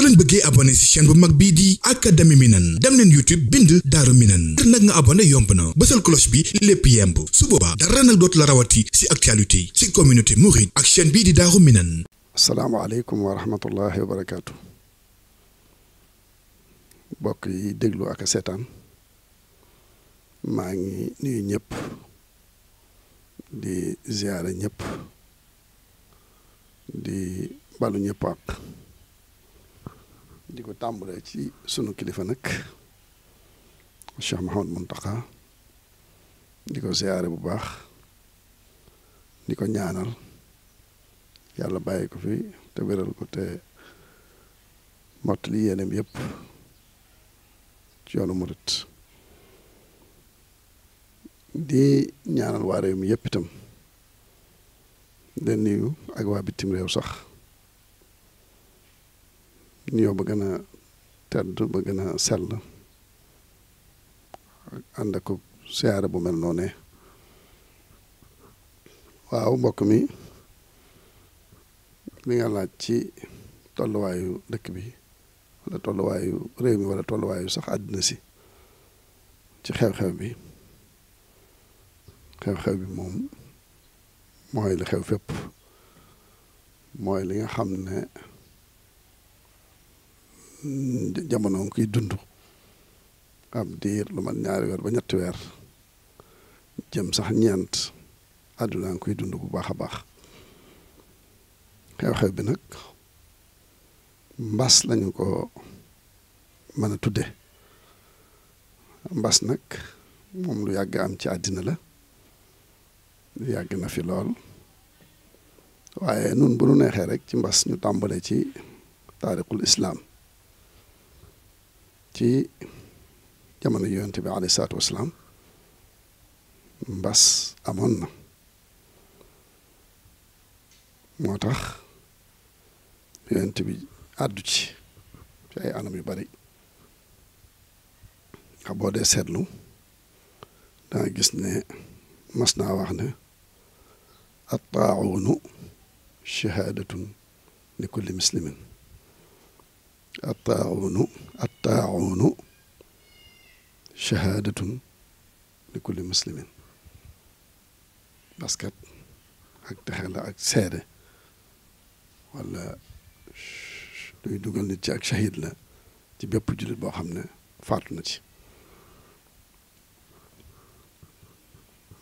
soo leen bëggee abonné ci chaîne bu mag bii di académie Minane dem leen YouTube bind Daaru Minane ngir nag nga abonné yomb na bësal cloche bi lépp yemb su boobaa dara nag dootu la rawati ci actualité ci communauté mouride ak chaîne bii di Daaru Minane asalaamaaleykum wa rahmatullahi wa barakaatu mbokk yi déglu ak seetaan maa ngi nuyu ñëpp di ziyaara ñëpp di balu ñëpp ak di ko tàmbalee ci sunu kilifa nag Cheikh Mouhamed Mountakha di ko ziyaare bu baax di ko ñaanal yàlla bàyyi ko fi te wéral ko te mottali yéeneem yëpp ci yoonu murit di ñaanal waa réew mi yëpp itam den nuyu ak waa bitim réew sax nuyoo ba gën a tedd ba gën a sell ànd ak siyaare bu mel noonu waaw mbokk mi li nga laaj ci tolluwaayu dëkk bi wala tolluwaayu réew mi wala tolluwaayu sax àddina si ci xew-xew bi xew-xew bi moom mooy li xew fépp mooy li nga xam ne jamono ngi koy dund ab diir lu man ñaari weer ba ñetti weer jëm sax ñeent àdduna ngi koy dund bu baax a baax xew-xew bi nag mbas lañu ko mën a tudde mbas nag moom lu yàgg am ci àddina la yàgg na fi lool waaye nun bu nu neexee rek ci mbas ñu tàmbale ci taarixul islaam ci jamono yonent bi alayhi salaatu wasalaam mbas amoon na moo tax yonent bi àddu ci ci ay anam yu bari xa boo dee seetlu danga gis ne mas naa wax ne at taawunu shahaadatun li kulli muslimin attaaunu attaaunu shahaadatun li kulli muslimin parce que ak texe la ak seede wala luy dugal nit ci ak shahid la ci bépp jullit boo xam ne faatu na ci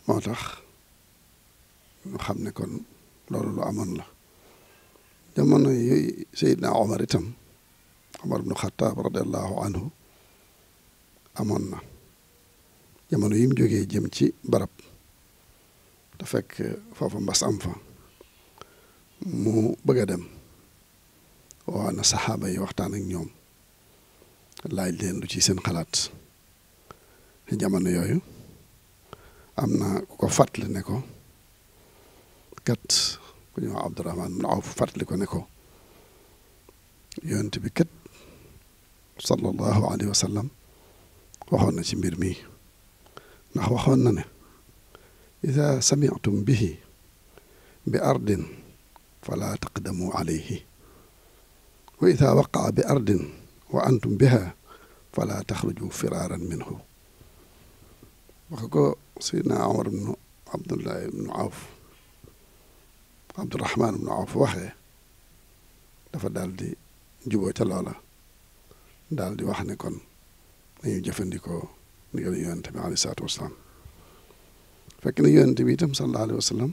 moo tax ñu xam ne kon loolu lu amoon la jamono yooyu Seydina Omar itam Omar ibnu Xataab radiallahu anhu amoon na jamono yi mu jógee jëm ci barab te fekk foofa mbas am fa mu bëgg a dem waa na saxaaba yi waxtaan ak ñoom laaj leen lu ci seen xalaat jamono yooyu am na ku ko fàttali ne ko kat ku ñëw Abdurahmaan mun aw fàttali ko ne ko yonent bi kat sallallahu alayhi wa sallam waxoon na ci mbir mi ndax waxoon na ne ida samiatum bihi bi ardin fala taqdamu alayhi wa ida waqaa bi ardin wa antum biha fala taxruju firaaran minhu wax ko Seydina Omar ibnu Abdullahi ibnu Awf Abdurahman ibnu Awf waxee dafa daal di juboo ca loola daal di wax ne kon nañu jëfandikoo ndigal yonent bi alayhi salaatu wasalaam fekk na yonent bi itam sallallahu alayhi wa sallam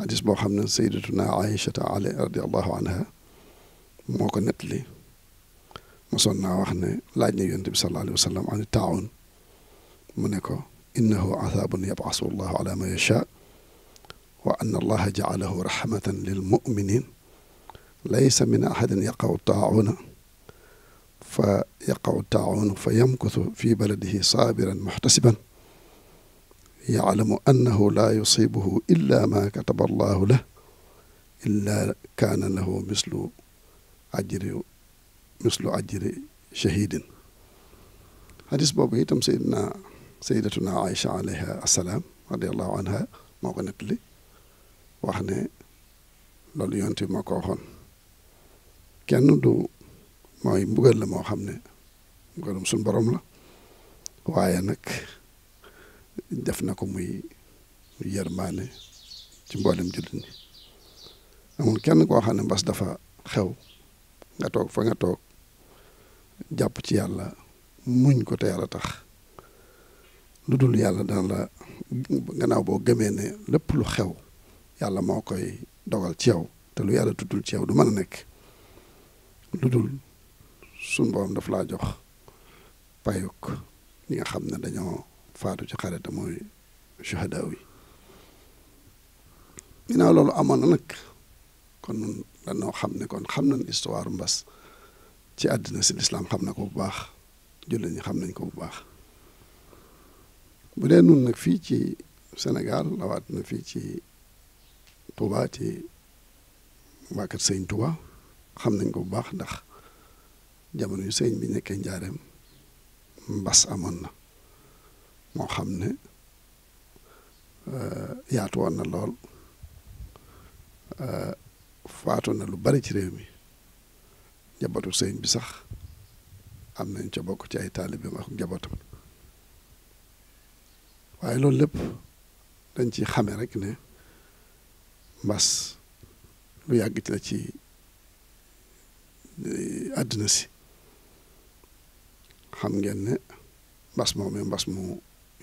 hadis boo xam ne sayyidatuna aïchata ali wax ne laaj na yonent bi sallallahu alayhi wa sallam ani taawun ne ko innahu azaabun yabasu allahu ala man yacha wa anna allaha jaalahu rahmatan lil muminin laysa min ahadin yaqaw fa yaqaw taawunu fa yamkutu fi baladihi saabiran muhtasiban yaalamu annahu laa yusibuhu illa ma kataba allahu lah illa kaana lahu mislu ajri mislu ajri shahidin hadis boobu itam sayidna sayidatuna aïcha alayha assalaam radiallahu anha moo ko nettali wax ne loolu yonent bi moo ko waxoon kenn du mooy mbugal la moo xam ne mbugalum suñ boroom la waaye nag def na ko muy mbaane ci mboolem jullit ñi amul kenn koo xam ne mbas dafa xew nga toog fa nga toog jàpp ci yàlla muñ ko te yàlla tax lu dul yàlla daal a gannaaw boo gëmee ne lépp lu xew yàlla moo koy dogal ci yow te lu yàlla tuddul ci yow du mën a nekk lu dul suñ borom daf laa jox payuk ñi nga xam ne dañoo faatu ci xare te mooy shuhadaaw yi loolu amoon na nag kon nun dañoo xam ne kon xam nañ histoire mbas ci àddina si lislaam xam na ko bu baax jullit ñi xam nañ ko bu baax bu dee nun nag fii ci Sénégal lawaat na fii ci Touba ci waa kër Sëñ Touba xam nañ ko bu baax ndax jamono yu sëriñ bi nekkee njaareem mbas amoon na moo xam ne euh, yaatu woon na lool euh, faatu na lu bari ci réew mi njabootu sëriñ bi sax am nañ ca bokk ci ay taalibeem ak njabootam waaye loolu lépp dañ ci xame rek ne mbas lu yàgg ci la ci euh, àddina si xam ngeen ne mbas moomee mbas mu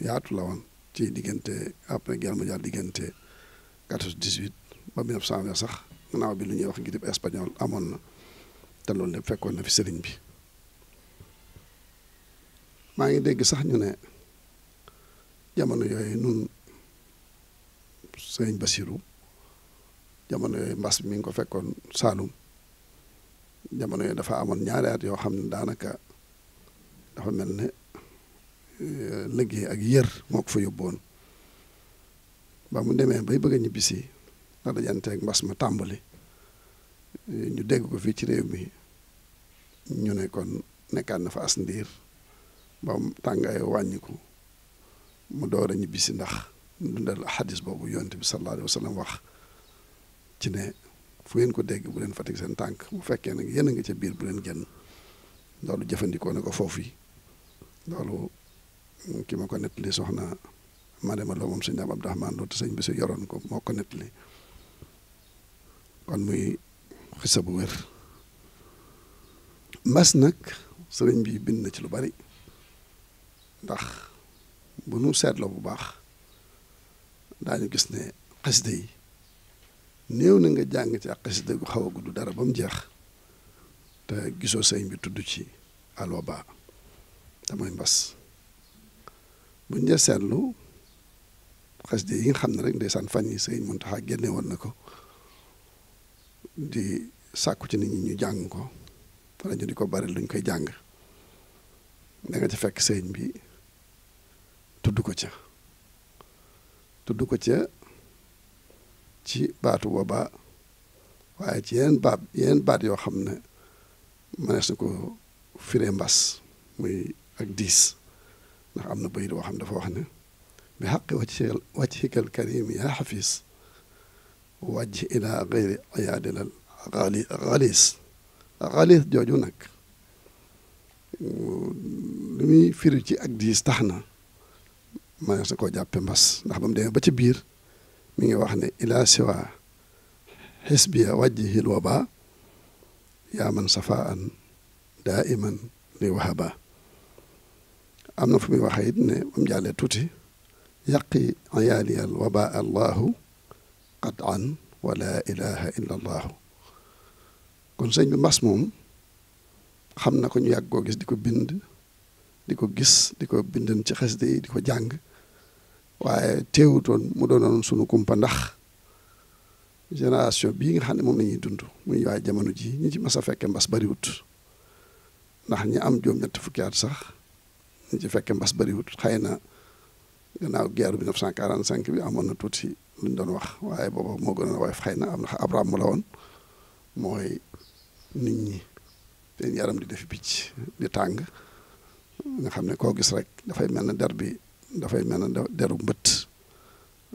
yaatu la woon ci diggante après guerre mondiale diggante quatorze dix huit ba mille neuf sax naaw bi lu ñuy wax grippe espagnole amoon na te loolu lépp fekkoon na fi sëriñ bi maa ngi dégg sax ñu ne jamono yooyu nun sëriñ Basiru jamono yooyu mbas mi ngi ko fekkoon Saalum jamono yooyu dafa amoon ñaari at yoo xam ne daanaka dafa mel ne euh, liggéey ak yër moo ko fa yóbboon ba mu demee bay bëgg a ñibbisi ndax dajanteeg mbas ma tàmbali euh, ñu dégg ko fii ci réew mi ñu ne kon nekkaat na fa as ndiir ba mu tàngaayo wàññiku mu door a ñibbisi ndax dundal xadis boobu yonent bi sallallahu alayhi wax ci ne fu ngeen ko dégg bu leen fa seen tànk bu fekkee nag yéen a ngi ca biir bu leen génn loolu jëfandikoo na ko foofu loolu ki ma ko nettali soxna ma dema loo moom sëñ daam Abdourahmane loolu te sëñ bi si yoroon ko moo ko nettali kon muy xisa bu wér mbas nag sëriñ bi bind na ci lu bari ndax bu nu seetloo bu baax daañu gis ne xasida yi néew na nga jàng ci ak xasida gu xaw a gudd dara ba mu jeex te gisoo sëriñ bi tudd ci alwaba te mooy mbas bu dee seetlu xasida yi nga xam ne rek ndeysaan fan yi sëñ Muntaxa génne woon na ko di sàkku ci nit ñi ñu jàng ko wala ñu di ko bari luñ koy jàng danga ci fekk sëñ bi tudd ko ca tudd ko ca ci baatu waba waaye ci yeneen baat yeneen baat yoo xam ne mënees na ko firee mbas muy ak diis ndax am na bayit boo xam dafa wax ne bi xaqi wajhikal wajhikal karim ya xafiis wajj ila gayri ayaadilal xaali xaalis xaalis jooju nag lu ci ak diis tax na manees na koo jàppe mbas ndax ba mu demee ci biir mi ngi wax ne ila siwa xisbiya wajjihil waba yaa man safaan daa li wahaba am na fu muy waxee it ne ba mu jàllee tuuti yàqi ayaaliyal waba allahu qad an wala ilaha illa allahu kon sëñ bi mbas moom xam na ko ñu yàgg koo gis di ko bind di ko gis di ko bindan ci xasida yi di ko jàng waaye teewutoon mu doon sunu kumpa ndax génération bii nga xam ne moom la ñuy dund muy waaye jamono ji ñi ci mas a fekkee mbas bariwut ndax ñu am juróom-ñett fukki at sax dañ ci fekke mbas bariwut xëy na gannaaw guerre bi 1945 bi amoon na tuuti lu ñu doon wax waaye booba moo gënoon woyof xëy na am na ab ràmm la woon mooy nit ñi seen yaram di def picc di tàng nga xam ne koo gis rek dafay mel ne der bi dafay mel ne deru mbëtt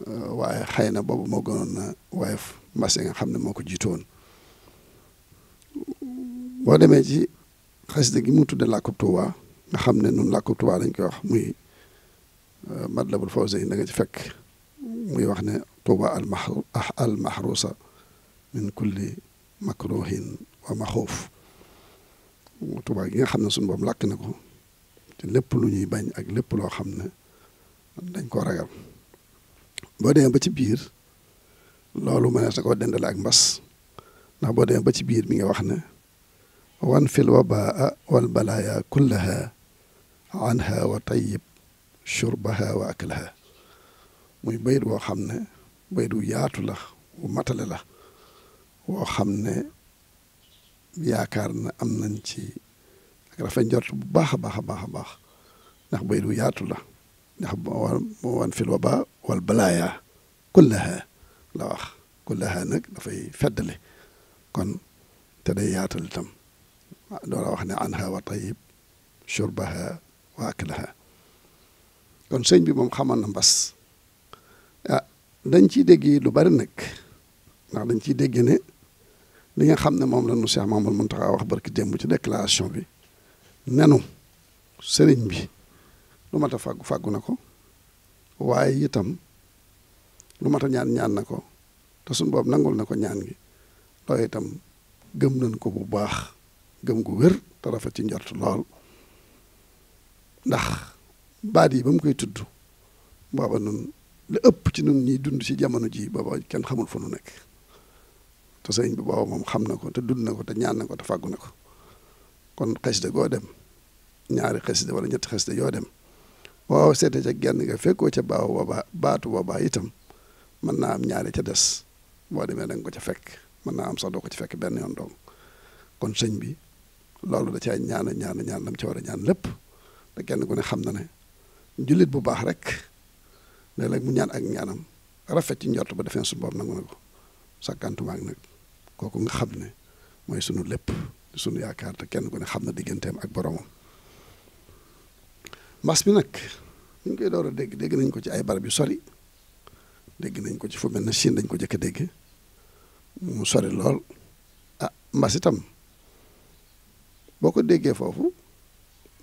euh, waaye xëy na boobu moo gënoon na woyof mbas nga xam ne moo ko jiitoon boo demee ci xasida gi mu tudde làkkub Tuuba nga xam ne nun làkku tubaab lañ koy wax muy euh, Matlabul Fawzayni da nga ci fekk muy wax ne tuuba al mahru ah, al wa maxoof gi nga xam ne suñ boobu làkk na ko lépp lu ñuy bañ ak lépp loo xam ne dañ ko ragal boo demee ba ci biir loolu mënees na koo dendale ak mbas ndax boo demee ba ci biir mi nga wax ne wan fil wabaa wal balaaya kullaha anha wa tayyib shurbaha wa aklaha muy bayit woo xam ne bayit wu yaatu la wu matale la woo xam ne yaakaar na am nañ ci ak rafet njort bu baax a baax a baax a baax ndax bayit wu yaatu la ndax moo wan fil waba wal balaaya kullaha la wax kullaha nag dafay feddale kon te day yaatal itam door a wax ne anha wa tayyib shurbaha wa aklaha kon sëñ bi moom xamal na mbas ah, dañ ciy dégg lu bari nag ndax dañ ciy dégg ne li nga xam ne moom la nu Cheikh Mamadou Mountakha wax barki démb ci déclaration bi nenu sëriñ bi lu mat a fàggu fàggu na ko waaye itam lu mat a ñaan ñaan na ko te suñ boobu nangul na ko ñaan gi loolu itam gëm nañ ko bu baax gëm ko wér te rafet ci njort lool ndax baat yi ba mu koy tudd booba nun la ëpp ci nun ñiy dund ci jamono ji booba kenn xamul fu nu nekk te sëriñ bi booba moom xam na ko te dund na ko te ñaan na ko te fàggu na ko kon xasida goo dem ñaari xasida wala ñetti xasida yoo dem waaw seete ca genn nga fekkoo ca baaw boobaa baatu boobaa itam mën naa am ñaari ca des boo demee da ko ca fekk mën naa am sax doo ko ci fekk benn yoon dong kon sëñ bi loolu da caa ñaan ñaan ñaan lam ca war ñaan lépp te kenn ku ne xam na ne jullit bu baax rek léeg-léeg mu ñaan ak ñaanam rafet ci njort ba defee suñu borom nangu na ko sàkkantuma nag kooku nga xam ne mooy sunu lépp sunu yaakaar te kenn ku ne xam na digganteem ak boromam mbas bi nag ñu ngi koy door a dégg dégg nañ ko ci ay barab yu sori dégg nañ ko ci fu mel ne Chine dañ ko jëkk a dégg mu sori lool ah mbas itam boo ko déggee foofu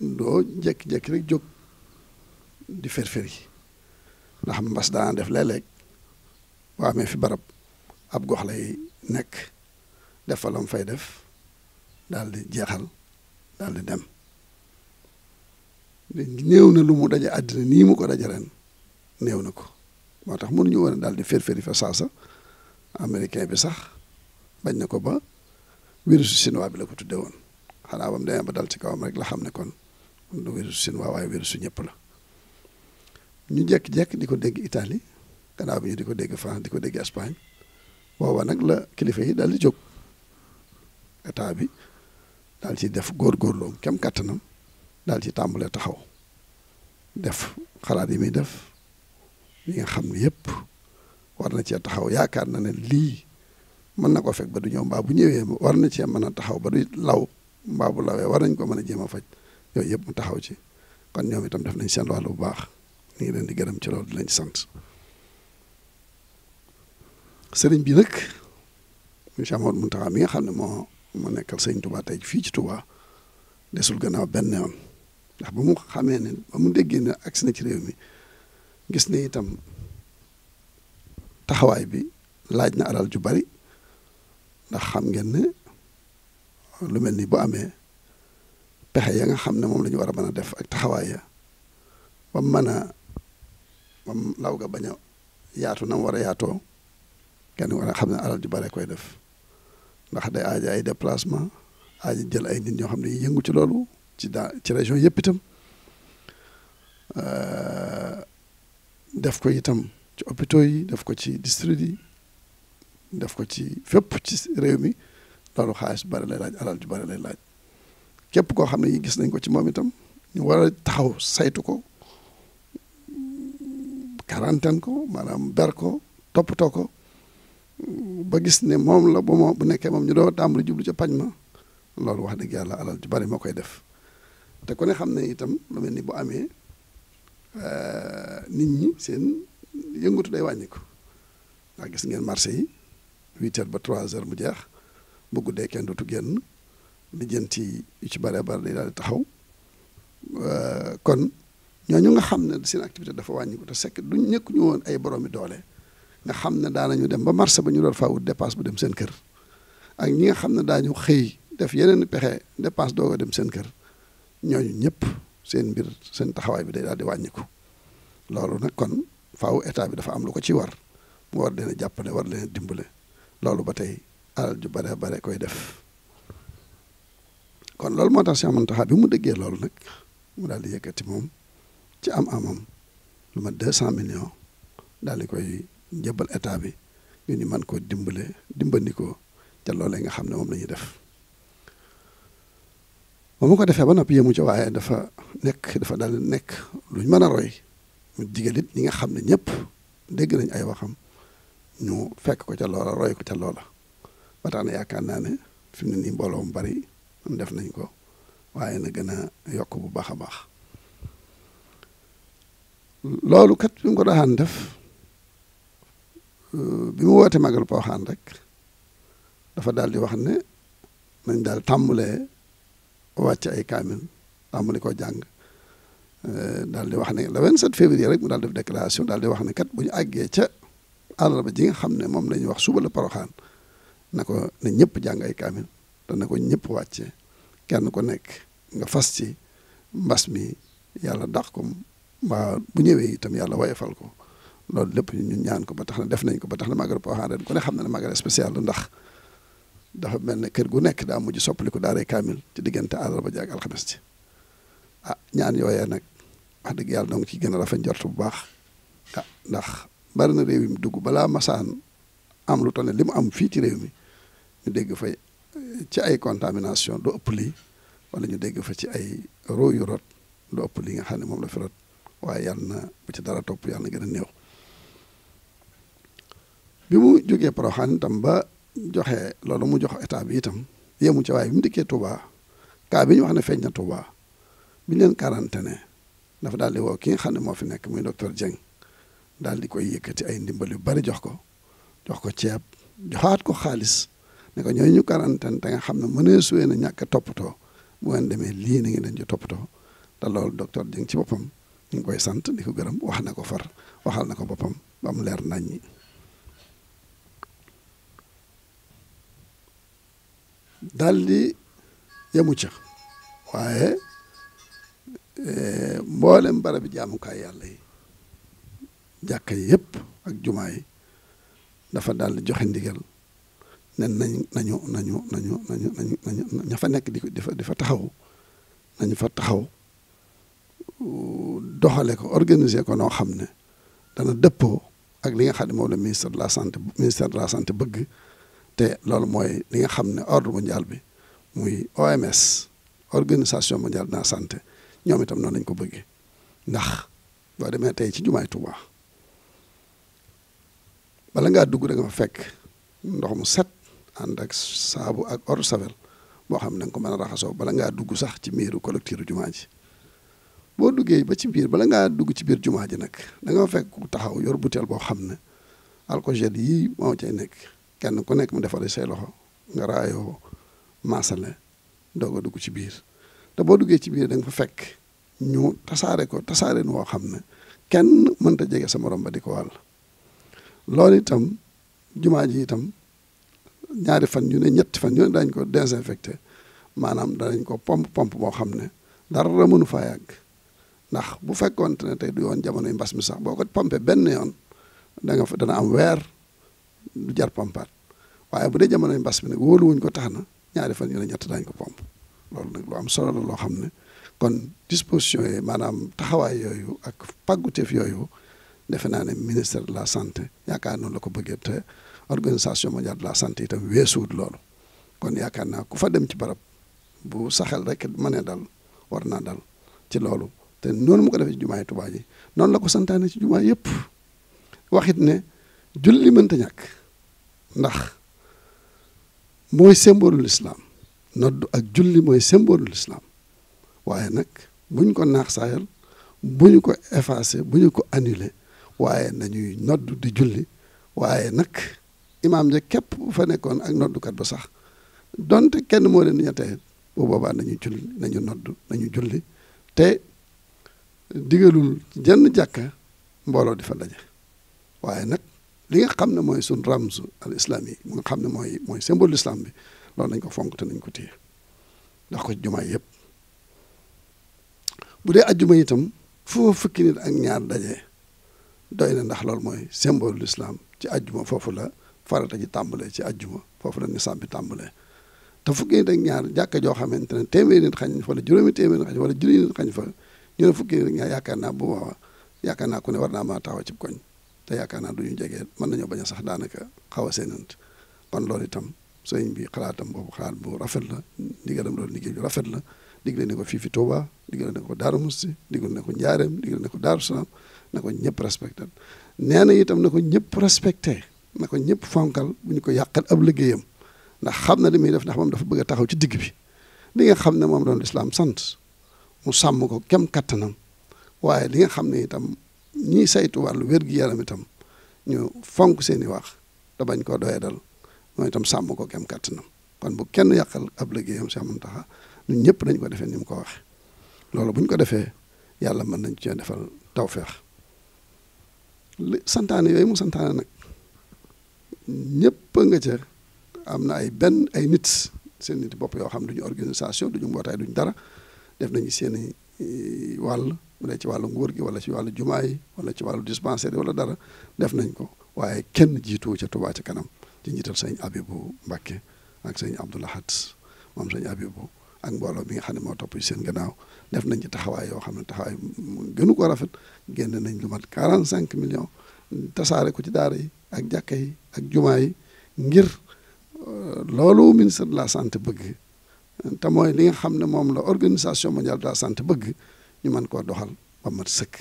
doo jékki-jékki rek jóg di ferferi ndax mbas daana def léeg-léeg boo amee fi barab ab gox lay nekk def fay def daal di jeexal daal di dem néew na lu mu daje àddina nii mu ko daje néew na ko moo tax mënuñu woon daal di ferferi fa saasa américain bi sax bañ na ko ba virus chinois bi la ko tudde woon xanaa ba mu demee ba dal ci kawam rek la xam ne kon du virusu Chine waa waaye virusu ñëpp la ñu jekk-jekk di ko dégg itali gannaaw bi ñu di ko dégg France di ko dégg Espagne booba nag la kilifa yi daal di jóg état bi daal ci def góor góorgóorloom kem kàttanam daal ci tàmbalee taxaw def xalaat yi muy def yi nga xam ne yëpp war na cee taxaw yaakaar na ne lii mën na ko fekk ba du ñëw mbaa bu ñëwee war na cee mën a taxaw ba du law mbaa bu lawee war nañ ko mën a jéem a faj yooyu yëpp mu taxaw ci kon ñoom itam def nañ seen wàll bu baax ñu ngi leen di gërëm ci loolu di leen sant sëriñ bi nag monsieur Amadou Mountakha mi nga xam ne moo moo nekkal sëriñ Touba tey fii ci Touba desul gannaaw benn yoon ndax ba mu xamee ne ba mu déggee ne agsi na ci réew mi gis ne itam taxawaay bi laaj na alal ju bari ndax xam ngeen ne lu mel ni bu amee. pexe ya nga xam ne moom lañu ñu war a mën a def ak taxawaay ya ba mën a ba law ga bañ yaatu na mu yaato a kenn war a xam ne alal ju bare koy def ndax day aaja ay déplacement aaja jël ay nit ñoo xam ne yëngu ci loolu ci daa ci région yëpp itam def ko itam ci hôpitaux yi def ko ci district def ko ci fépp ci réew mi loolu xaalis bare lay laaj alal ju bare lay laaj képp koo xam ne gis nañ ko ci moom itam ñu war a taxaw saytu ko quarantaine ko maanaam ber ko toppatoo ko ba gis ne moom la bu moom bu nekkee moom ñu doo tàmbali jublu ca pañ ma loolu wax dëgg yàlla alal ju bari moo koy def te ku ne xam ne itam lu mel ni bu amee eh, nit ñi seen yëngatu day wàññiku ndax gis ngeen marché yi ba trois heures mu jeex bu guddee kenn dootu génn lijjanti yu ci bare bare day daal di taxaw euh, kon ñooñu nga xam ne seen activité dafa wàññi te sekk du ñëkk ñu woon ay boroomi doole nga xam ne daanañu dem ba marché ba ñu doon faa wut bu dem seen kër ak ñi nga xam ne daañu xëy def yeneen pexe dépense doo ko dem seen kër ñooñu ñëpp seen mbir seen taxawaay bi day daal di wàññiku loolu nag kon faaw état bi dafa am lu ko ci war mu war leen a jàppale war leen a dimbale loolu ba tey alal ju bare bare koy def kon loolu moo tax si Cheikh taxaa bi mu déggee loolu nag mu daal di yëkkati moom ci am amam lu ma deux cent millions daal di koy jëbal état bi ñu ñu mën koo dimbale dimbandikoo ca loolee nga xam ne moom lañuy def ba mu ko defee ba noppi mu ci waaye dafa nekk dafa daal nekk lu ñu mën a roy mu digal it nga xam ne ñëpp dégg nañ ay waxam ñu fekk ko ca loola roy ko ca loola ba yaakaar naa ne fi mu ne nii mbooloo mu bari def nañ ko waaye na gën a yokk bu baax a baax loolu kat bi mu ko daan def euh, bi mu woote magal pooxaan rek dafa daal di wax ne nañ daal tàmbalee wàcc ay kaamil tàmbali ko jàng euh, daal di wax ne le 27 février rek mu daal def déclaration daal di wax ne kat bu ñu àggee ca àllarba ji nga xam ne moom la wax suba la poroxaan na ko ne ñëpp jàng ay kaamil dana ko ñëpp wàcce kenn ku nekk nga fas ci mbas mi yàlla dax ko mbaa bu ñëwee itam yàlla wayefal ko loolu lépp ñu ñaan ko ba tax na def nañ ko ba tax na magal Porokhane ren ku ne xam na ne magal spécial la ndax dafa mel ne kër gu nekk daa mujj soppaliku daaree kaamil ci diggante àllarba ba ak alxames ci ah ñaan yooyee nag wax dëgg yàlla ngi ci gën a rafet njort bu baax ah, ndax bari na réew yi mu dugg balaa masaan am lu toll ne li mu am fii ci réew mi ñu dégg fay ci ay contamination du ëpp lii wala ñu dégg fa ci ay roo yu rot du ëpp lii nga xam ne moom la fi rot waaye yàlla na bu ci dara topp yàlla gën a néew bi mu jógee Porokhane tam ba joxe loolu mu jox état bi itam yemu ci waaye bi mu dikkee Touba kaa bi ñu wax ne feeñ na Touba bi ñu leen quarantaine dafa daal di woo ki xam ne moo fi nekk muy docteur Dieng daal di koy yëkkati ay ndimbal yu bari jox ko jox ko ceeb joxaat ko xaalis ne ko ñooy ñu quarantaine te nga xam ne mënee suwee na ñàkk a toppatoo bu ngeen demee lii na ngeen leen ci toppatoo te loolu docteur Dieng ci boppam ñu ngi koy sant di ko gërëm wax ne ko far waxal na ko boppam ba mu leer nañ ñi daal di yemu ca waaye e, mboolem barabi jaamukaay yàlla yi jàkka yëpp ak jumaay dafa dal di joxe ndigal nen nañ nañu nañu nañu nañu nañu nañu ña fa nekk di ko di fa taxaw nañu fa taxaw euh, doxale ko organiser ko noo xam ne dana dëppoo ak li nga xam ne moom la ministre de la santé ministère de la santé bëgg te loolu mooy li nga xam ne ordre mondial bi muy OMS organisation mondiale de la santé ñoom itam noonu lañ ko bëggee ndax boo demee tey ci jumaay Tuuba bala ngaa dugg da nga fa fekk ndox mu set ànd ak saabu ak eau savel boo xam ne da ko mën a raxasoo bala ngaa dugg sax ci miiru collecteur jumaa ji boo duggee ba ci biir bala ngaa dugg ci biir jumaa ji nag da nga fekk ku taxaw yor butéel boo xam ne alcool gel yii moo cay nekk kenn ku nekk mu defaree say loxo nga raayoo maasale doo ko dugg ci biir te boo duggee ci biir da nga fa fekk ñu tasaare ko tasaare nu woo xam ne kenn mënta jege sa morom ba di ko wàll loolu itam jumaa ji itam ñaari fan ñu ne ñetti fan ñu ne daañ ko désinfecté maanaam danañ ko pomp pomp boo xam ne dara mënu faa yàgg ndax bu te ne tey du yoon jamonoy mbas mi sax boo ko pompé benn yoon da nga fa dana am weer du jar pompaat waaye bu dee jamonoy mbas mi nag wuñ ko tax na ñaari fan ñu ne ñett daañ ko pomp loolu nag lu am solo la loo xam ne kon disposition yi maanaam taxawaay yooyu ak pàgguteef yooyu defe naa ne ministre de la santé yaakaar noonu la ko bëggee te organisation mondiale de la santé itam weesuwut loolu kon yaakaar naa ku fa dem ci barab bu saxel rek mënee dal war naa dal ci loolu te noonu mu ko defee ci jumaay Tuubaa ji noonu la ko santaane ci jumaa yëpp waxit ne julli mënta ñàkk ndax mooy symbole l'islam noddu ak julli mooy symbole l'islam waaye nag buñ ko naax saayal bu ñu ko effacé bu ñu ko annulé waaye nañuy nodd di julli waaye nag imaam ja képp bu fa nekkoon ak noddukat ba sax donte kenn moo leen ñettee boo boobaa nañu julli nañu nodd nañu julli te digalul jenn jàkka mbooloo di fa daje waaye nag li nga xam ne mooy sun ramsu al islam yi mu nga xam ne mooy mooy symbole l'islam bi loolu nañ ko fonk te nañ ko téye ndax ko jumaa yëpp bu dee ajjuma itam foo fukki ak ñaar daje doy na ndax loolu mooy symbole l'islam ci ajjuma foofu la farata ji tàmbalee ci ajjuma foofu la nisaab bi tàmbalee te fukki nit ak ñaar jàkka joo xamante ne téeméeri nit xañ fa wala juróomi téeméeri nit xañ fa wala juróomi nit xañ fa ñu ne fukki nit ak ñaar yaakaar naa bu boobaa yaakaar naa ku ne war naa maa taxaw ci koñ te yaakaar naa du ñu jegee mën nañoo ba a sax daanaka xaw a seenant kon loolu itam sëñ bi xalaatam boobu xalaat bu rafet la ndigalam loolu liggéey bu rafet la digle ne ko fii fi Touba digle ne ko Daaru Musti digle ne ko Njaareem digle ko Daaru Salaam na ko ñëpp respecté nee na itam na ko ñëpp respecté na ko ñëpp fonkal bu ñu ko yàqal ab liggéeyam ndax xam na li muy def ndax moom dafa bëgg a taxaw ci digg bi li nga xam ne moom doon lislaam sant mu sàmm ko kem kattanam waaye li xam ne itam ñiy saytu wàllu wér-gi-yaram itam ñu fonk seen i wax te bañ koo doye dal mooy itam ko kem kattanam kon bu kenn yàqal ab liggéeyam Cheikh Mountakha ñun ñëpp dañ ko defee ni mu ko wax loolu bu ñu ko defee yàlla mën nañ cee defal tawfeex li santaane yooyu mu santaane nag ñëpp nga ca am na ay benn ay nit seen nit bopp yoo xam duñu organisation duñu mbootaay duñu dara def nañu seen i eh, wàll mu ne ci wàllu nguur gi wala ci wàllu jumaa yi wala ci wàllu dispensaire wala dara def nañ ko waaye kenn jiitu ca Touba ca kanam ci njiital sëñ Abibu Mbàkke ak sëñ Abdoulahat moom sëñ Abibu ak mbooloo bi nga xam ne moo topp ci seen gannaaw def nañ ci taxawaay yoo xam ne taxawaay gënu ko rafet génn nañ lu mat quarante cinq millions tasaare ko ci daara yi ak jàkka yi ak jumaa yi ngir euh, loolu ministre de la santé bëgg te mooy li nga xam ne moom la organisation mondiale de la santé bëgg ñu mën koo doxal ba mat sëkk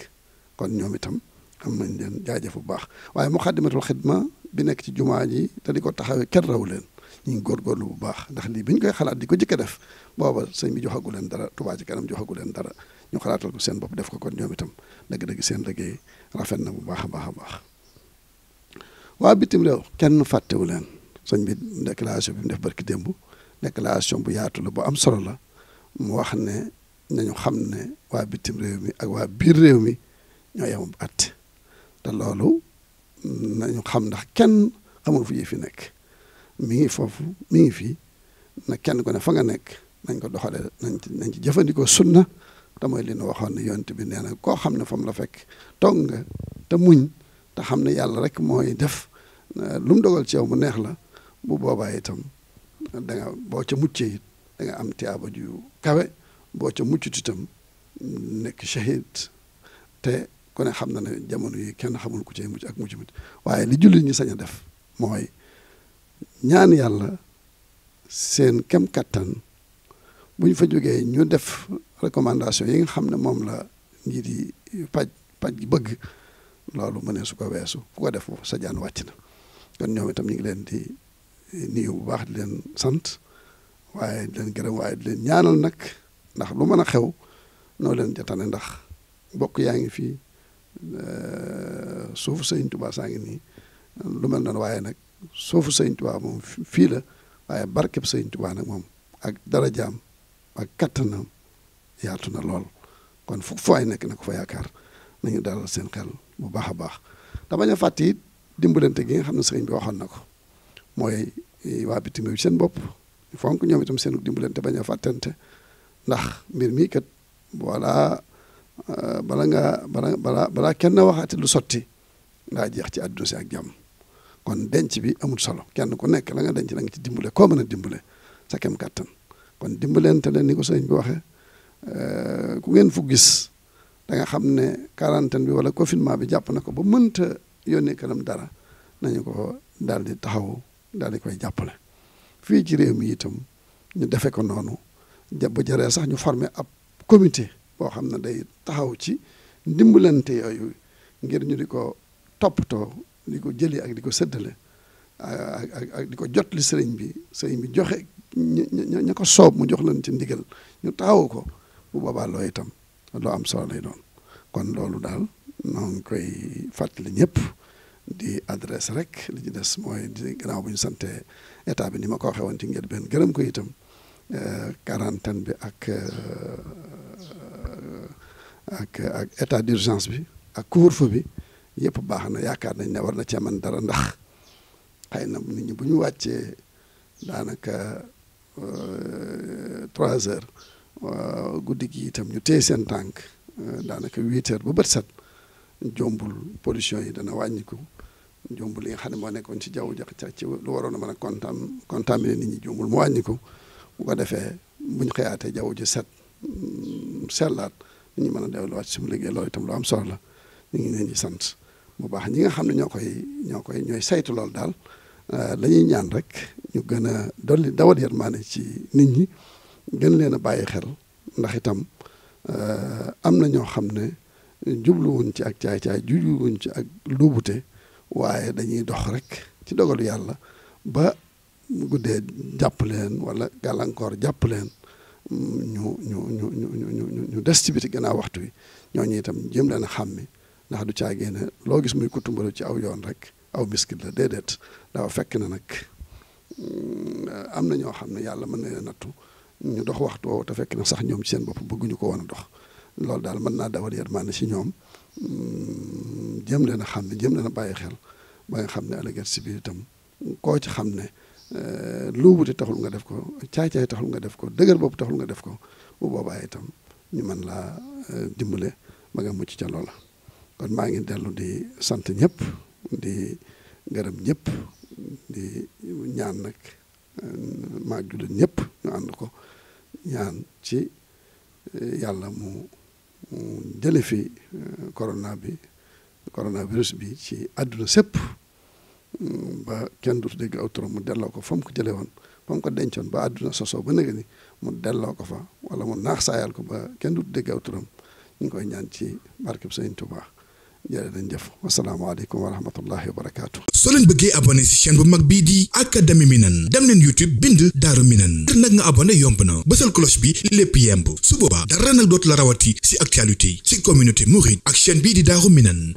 kon ñoom itam am nañ leen jaajëf bu baax waaye muxaddamatul xidma bi nekk ci jumaa ji te di ko taxawee kenn raw leen ñu góor góorgóorlu bu baax ndax lii bi ñu koy xalaat di ko jëkk def booba sëñ bi joxagu leen dara tubaa ci Kanam joxagu leen dara ñu xalaatal ko seen bopp def ko kon ñoom itam dëgg-dëgg seen liggéey rafet na bu baax a baax a baax waa bitim réew kenn fàttewu leen sëñ bi déclaration bi mu def barki démb déclaration bu yaatu la bu am solo la mu wax ne nañu xam ne waa bitim réew mi ak waa biir réew mi ñoo yem at te loolu nañu xam ndax kenn xamul fu yi fi nekk mi ngi foofu mi ngi fii na kenn ku ne fa nga nekk nañ ko doxalee nañ ci ci jëfandikoo sunna te mooy li nu waxoon ne yonent bi nee na koo xam ne fa la fekk toog nga te muñ te xam ne yàlla rek mooy def euh, lu dogal ci yow mu neex la bu boobaa itam da nga boo ca muccee it da nga am tiyaaba ju kawe boo ca muccut itam nekk shahid te ku ne xam na ne jamono yi kenn xamul ku cee mucc ak mucc mucc waaye li jullit ñi sañ a def mooy ñaan yàlla seen kem kattan bu ñu fa jógee ñu def recommandation yi nga xam ne moom la njiit yi paj paj gi bëgg loolu mu ne su ko weesu ku ko def sa jaan wàcc na kon ñoom itam ñu ngi leen di nuyu bu baax di leen sant waaye di leen gërëm waaye leen ñaanal nag ndax lu mën a xew noo leen jatane ndax bokk yaa ngi fii suufu sëñ Tuubaa saa ngi nii lu mel noonu waaye nag suufu sëñ Tuubaa moom fii la waaye barkeb sëñ Tuubaa nag moom ak darajaam ak kattanam yaatu na lool kon fu faay nekk na ko fa yaakaar nañu dalal seen xel bu baax a baax te bañ a fàtte it dimbalante gi nga xam ne sëriñ bi waxoon na ko mooy e, waa bitim réew seen bopp fonk ñoom itam seen dimbalante bañ a fàttante ndax mbir mii kat voilà euh, bala nga bala bala balaa kenn waxaati lu sotti ndaa jeex ci àdduna si ak jàmm kon denc bi amul solo kenn ku nekk la nga denc la nga ci dimbale koo mën a dimbale sa kem kàttan kon dimbalante leen ni ko sëriñ bi waxe euh, ku ngeen fu gis da nga xam ne karanten bi wala confinement bi jàpp na ko ba mënta yónnee kanam dara nañu ko daal di taxaw daal di koy jàppale fii ci réew mi itam ñu defe ko noonu bu jëree sax ñu former ab comité boo xam ne day taxaw ci ndimbalante yooyu ngir ñu di ko toppatoo di ko jëlee ak di ko séddale ak ak di ko jot sëriñ bi sëriñ bi joxe ña ko soob mu jox leen ci ndigal ñu taxaw ko bu boobaa loo itam lu am solo lay doon kon loolu daal noo ngi koy fàttali ñëpp di adresse rek li ci des mooy di gannaaw bu ñu sante état bi ni ma ko waxee woon ci ngeen benn gërëm ko itam euh, quarantaine bi ak euh, euh, ak ak état d'urgence bi ak couvre-feu bi yëpp baax na yaakaar nañ ne war na cee mën dara ndax xëy na nit bu ñu wàccee daanaka trois heures guddi gi itam ñu téye seen tànk euh, daanaka huit heures ba bët set jombul pollution yi dana wàññiku jombul li nga xam ne moo nekkoon ci jaww jax ca ci lu waroon a mën a contam nit ñi jombul mu wàññiku bu ko defee buñ xëyaatee jaww ji set mm, sellaat ñu mën a delluwaat suñu liggéey loolu am solo la ñu ngi leen di sant bu baax ñi nga xam ne ñoo koy ñoo koy ñooy saytu loolu daal euh, la ñaan rek ñu gën a dolli dawal yërmaane ci nit ñi gën leen a bàyyi xel ndax itam euh, am na ñoo xam ne jubluwuñ ci ak caay-caay jubluwuñ ci ak luubute waaye dañuy dox rek ci dogalu yàlla ba guddee jàpp leen wala gàllankoor jàpp leen ñu ñu ñu ñu ñu des ci biti gannaaw waxtu wi ñooñu itam jëm leen a xàmmi ndax du caagee ne loo gis muy kutumbalu ci aw yoon rek aw miskil la déedéet daaw fekk na nag mm, am na ñoo xam ne yàlla mën na leen nattu ñu dox waxtoo woowu te fekk na sax ñoom ci seen bopp bëgguñu ko woon a dox loolu daal mën naa dawal yërmande ci ñoom jëm hmm, leen a xam ne jëm leen a bàyyi xel ba nga xam ne alagat si biir itam koo ci xam ne eh, lu wuti taxul nga def ko caay-caay taxul nga def ko dëgër bopp taxul nga def ko bu boobaa itam ñu mën laa eh, dimbale ma nga mucc ca loola kon maa ngi dellu di sant ñëpp di gërëm ñëpp di ñaan nag eh, maa jullit ñëpp ñu ànd ko ñaan ci eh, yàlla mu jële fi eh, corona bi coronavirus bi ci àdduna sépp mm, ba kenn dootu dégg aw turam mu delloo ko fa mu ko woon fa mu ko dencoon ba àdduna sosoo ba nag ni mu delloo ko fa wala mu naax saayal ko ba kenn dootu dégg aw turam ñu koy ñaan ci barkeb Sëriñ Tuubaa jërë dañ jëf wasalaamaaleykum wa rahmatullahi wa barakaatu soo leen bëggee abonné si chaîne bu mag bii di académie Minane dem leen YouTube bind Daaru Minane ngir nag nga abonné yomb na bësal cloche bi lépp yemb su boobaa dara nag dootu la rawati si actualité si communauté mouride ak chaîne bii di Daaru Minane